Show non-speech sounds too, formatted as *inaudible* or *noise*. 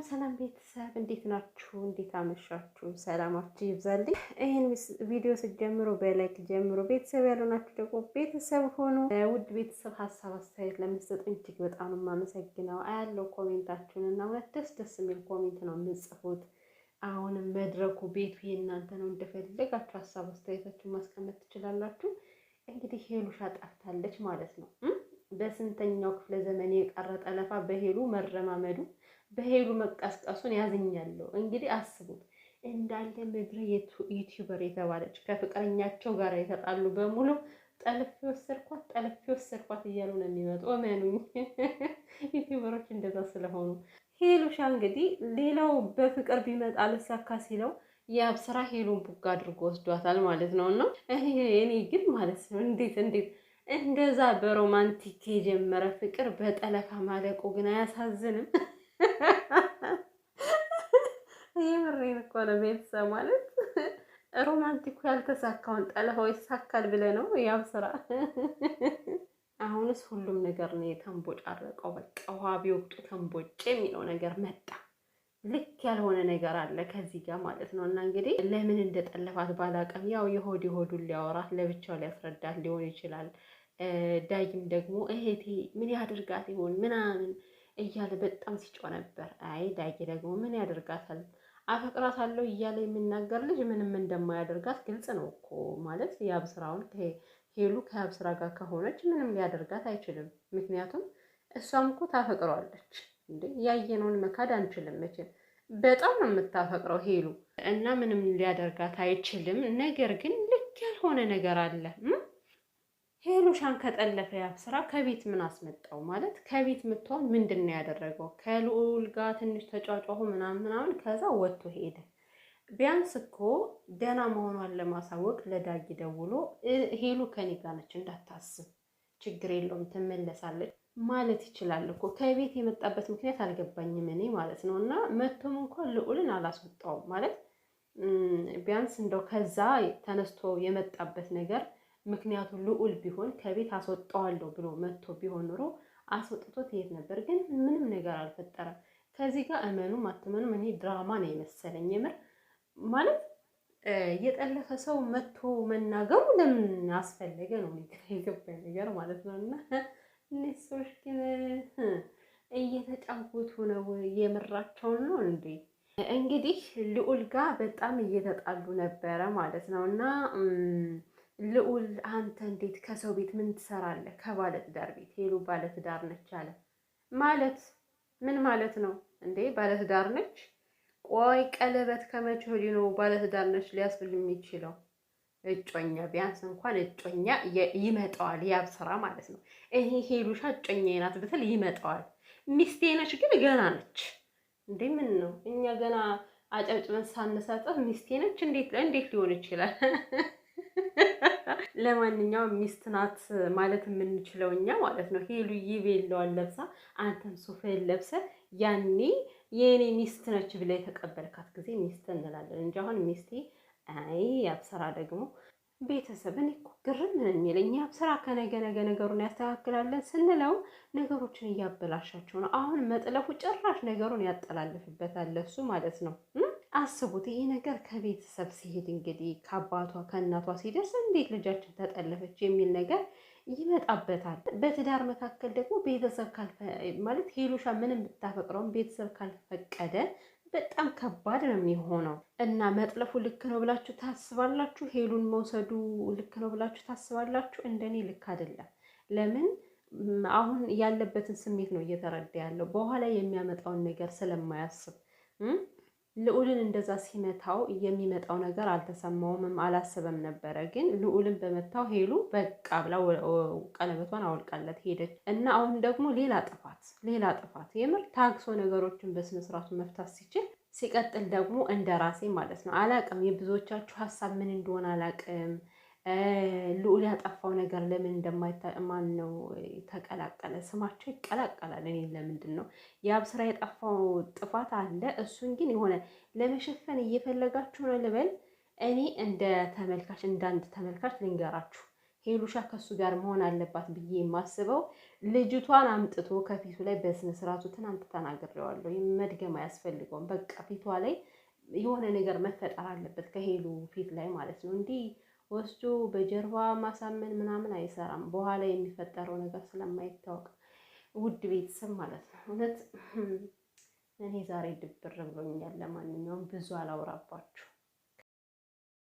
ሰላም ሰላም ቤተሰብ እንዴት ናችሁ? እንዴት አመሻችሁ? ሰላማችሁ ይብዛልኝ። ይህን ቪዲዮ ስትጀምሩ በላይክ ጀምሩ። ቤተሰብ ያልሆናችሁ ደግሞ ቤተሰብ ሆኑ። ውድ ቤተሰብ ሀሳብ አስተያየት ለምትሰጡኝ እጅግ በጣም የማመሰግነው አያለው ኮሜንታችሁን እና እውነት ደስ ደስ የሚል ኮሜንት ነው የምጽፉት። አሁንም መድረኩ ቤቱ የእናንተ ነው። እንደፈለጋችሁ ሀሳብ አስተያየታችሁን ማስቀመጥ ትችላላችሁ። እንግዲህ ሄሉሻ ጠፍታለች ማለት ነው። በስንተኛው ክፍለ ዘመን የቀረ ጠለፋ በሄሉ መረማመዱ በሄሉ መቀስቀሱን ያዝኛለሁ። እንግዲህ አስቡት እንዳለ ምድረ ዩቲዩበር የተባለች ከፍቅረኛቸው ጋር የተጣሉ በሙሉ ጠልፍ ወሰድኳት፣ ጠልፍ ወሰድኳት እያሉ ነው የሚመጡ። እመኑኝ *laughs* ዩቲዩበሮች እንደዛ ስለሆኑ ሄሉሻ እንግዲህ ሌላው በፍቅር ቢመጣ ልሳካ ሲለው የአብስራ ሄሉን ቡጋ አድርጎ ወስዷታል ማለት ነው። እና እኔ ግን ማለት ነው እንዴት እንዴት እንደዛ በሮማንቲክ የጀመረ ፍቅር በጠለፋ ማለቁ ግን አያሳዝንም? የምሬን እኮ ነው። ቤተሰብ ማለት ሮማንቲኩ ያልተሳካውን ጠለፈው ይሳካል ብለ ነው ያው ስራ። አሁንስ ሁሉም ነገር ነው የተንቦጫረቀው። በቃ ውሃ ቢወቅጡ ተንቦጭ የሚለው ነገር መጣ። ልክ ያልሆነ ነገር አለ ከዚህ ጋር ማለት ነው። እና እንግዲህ ለምን እንደ ጠለፋት ባላቀም፣ ያው የሆድ የሆዱን ሊያወራት ለብቻው ሊያስረዳት ሊሆን ይችላል። ዳይም ደግሞ እህቴ ምን ያድርጋት ይሆን ምናምን እያለ በጣም ሲጮህ ነበር። አይ ዳጊ ደግሞ ምን ያደርጋታል አፈቅራታለሁ እያለ የሚናገር ልጅ ምንም እንደማያደርጋት ግልጽ ነው እኮ ማለት የአብ ስራውን ሄሉ ከአብስራ ስራ ጋር ከሆነች ምንም ሊያደርጋት አይችልም። ምክንያቱም እሷም እኮ ታፈቅረዋለች እንዴ ያየነውን መካድ አንችልም። መቼም በጣም ነው የምታፈቅረው ሄሉ እና ምንም ሊያደርጋት አይችልም። ነገር ግን ልክ ያልሆነ ነገር አለ ሄሉሻን ከጠለፈ ስራ ከቤት ምን አስመጣው? ማለት ከቤት ምትሆን ምንድን ነው ያደረገው? ከልዑል ጋር ትንሽ ተጫጫሁ ምናምን ምናምን፣ ከዛ ወጥቶ ሄደ። ቢያንስ እኮ ደህና መሆኗን ለማሳወቅ ለዳጊ ደውሎ ሄሉ ከኔ ጋር ነች እንዳታስብ፣ ችግር የለውም ትመለሳለች ማለት ይችላል እኮ። ከቤት የመጣበት ምክንያት አልገባኝም እኔ ማለት ነው። እና መቶም እንኳን ልዑልን አላስወጣውም ማለት ቢያንስ እንደው ከዛ ተነስቶ የመጣበት ነገር ምክንያቱ ልዑል ቢሆን ከቤት አስወጣዋለሁ ብሎ መጥቶ ቢሆን ኑሮ አስወጥቶት ይሄድ ነበር። ግን ምንም ነገር አልፈጠረም። ከዚህ ጋር እመኑም አትመኑም እኔ ድራማ ነው የመሰለኝ። የምር ማለት የጠለፈ ሰው መጥቶ መናገሩ ለምን አስፈለገ ነው *laughs* የገባኝ ነገር ማለት ነው። እና እነዚህ ሰዎች ግን እየተጫወቱ ነው፣ የምራቸውን ነው እንዴ? እንግዲህ ልዑል ጋር በጣም እየተጣሉ ነበረ ማለት ነው እና ልዑል አንተ እንዴት ከሰው ቤት ምን ትሰራለህ? ከባለትዳር ቤት ሄሉ ባለትዳር ነች አለ። ማለት ምን ማለት ነው እንዴ? ባለትዳር ነች? ቆይ ቀለበት ከመቼ ወዲህ ነው ባለትዳር ነች ሊያስብል የሚችለው? እጮኛ ቢያንስ እንኳን እጮኛ ይመጣዋል፣ ያብሰራ ማለት ነው። ይሄ ሄሉሻ እጮኛ ናት ብትል ይመጣዋል። ሚስቴ ነች ግን ገና ነች እንዴ? ምን ነው እኛ ገና አጨብጭበን ሳንሰጠት ሚስቴ ነች እንዴት ሊሆን ይችላል? *laughs* ለማንኛውም ሚስት ናት ማለት የምንችለው እኛ ማለት ነው። ሄሉ ይቤለዋል ለብሳ፣ አንተም ሱፍህን ለብሰ ያኔ የእኔ ሚስት ነች ብላ የተቀበልካት ጊዜ ሚስት እንላለን እንጂ አሁን ሚስቴ አይ ያብሰራ ደግሞ ቤተሰብ እኔ እኮ ግርም ነው የሚለኝ ያብሰራ ከነገ ነገ ነገሩን ያስተካክላለን ስንለው ነገሮችን እያበላሻቸው ነው። አሁን መጥለፉ ጭራሽ ነገሩን ያጠላልፍበታል ለሱ ማለት ነው። አስቡት ይህ ነገር ከቤተሰብ ሲሄድ እንግዲህ ከአባቷ ከእናቷ ሲደርስ እንዴት ልጃችን ተጠለፈች የሚል ነገር ይመጣበታል። በትዳር መካከል ደግሞ ቤተሰብ ማለት ሄሉሻ ምንም ብታፈቅረውም ቤተሰብ ካልፈቀደ በጣም ከባድ ነው የሚሆነው እና መጥለፉ ልክ ነው ብላችሁ ታስባላችሁ? ሄሉን መውሰዱ ልክ ነው ብላችሁ ታስባላችሁ? እንደኔ ልክ አይደለም። ለምን አሁን ያለበትን ስሜት ነው እየተረዳ ያለው በኋላ የሚያመጣውን ነገር ስለማያስብ ልዑልን እንደዛ ሲመታው የሚመጣው ነገር አልተሰማውምም አላሰበም ነበረ። ግን ልዑልን በመታው ሄሉ በቃ ብላ ቀለበቷን አወልቃለት ሄደች እና አሁን ደግሞ ሌላ ጥፋት ሌላ ጥፋት የምር ታግሶ ነገሮችን በስነስርዓቱ መፍታት ሲችል ሲቀጥል ደግሞ እንደ ራሴ ማለት ነው አላቅም የብዙዎቻችሁ ሀሳብ ምን እንደሆነ አላቅም ልዑል ያጠፋው ነገር ለምን እንደማይማን ነው ተቀላቀለ? ስማቸው ይቀላቀላል። እኔ ለምንድን ነው የአብ ስራ የጠፋው ጥፋት አለ። እሱን ግን የሆነ ለመሸፈን እየፈለጋችሁ ነው ልበል። እኔ እንደ ተመልካች እንዳንድ ተመልካች ልንገራችሁ ሄሉሻ ከሱ ጋር መሆን አለባት ብዬ የማስበው ልጅቷን አምጥቶ ከፊቱ ላይ በስነ ስርዓቱ ትናንት ተናግሬዋለሁ። መድገም አያስፈልገውም። በቃ ፊቷ ላይ የሆነ ነገር መፈጠር አለበት ከሄሉ ፊት ላይ ማለት ነው እንዲህ ወስዶ በጀርባ ማሳመን ምናምን አይሰራም። በኋላ የሚፈጠረው ነገር ስለማይታወቅ ውድ ቤተሰብ ማለት ነው። እውነት እኔ ዛሬ ድብር ብሎኛል። ለማንኛውም ብዙ አላውራባችሁ።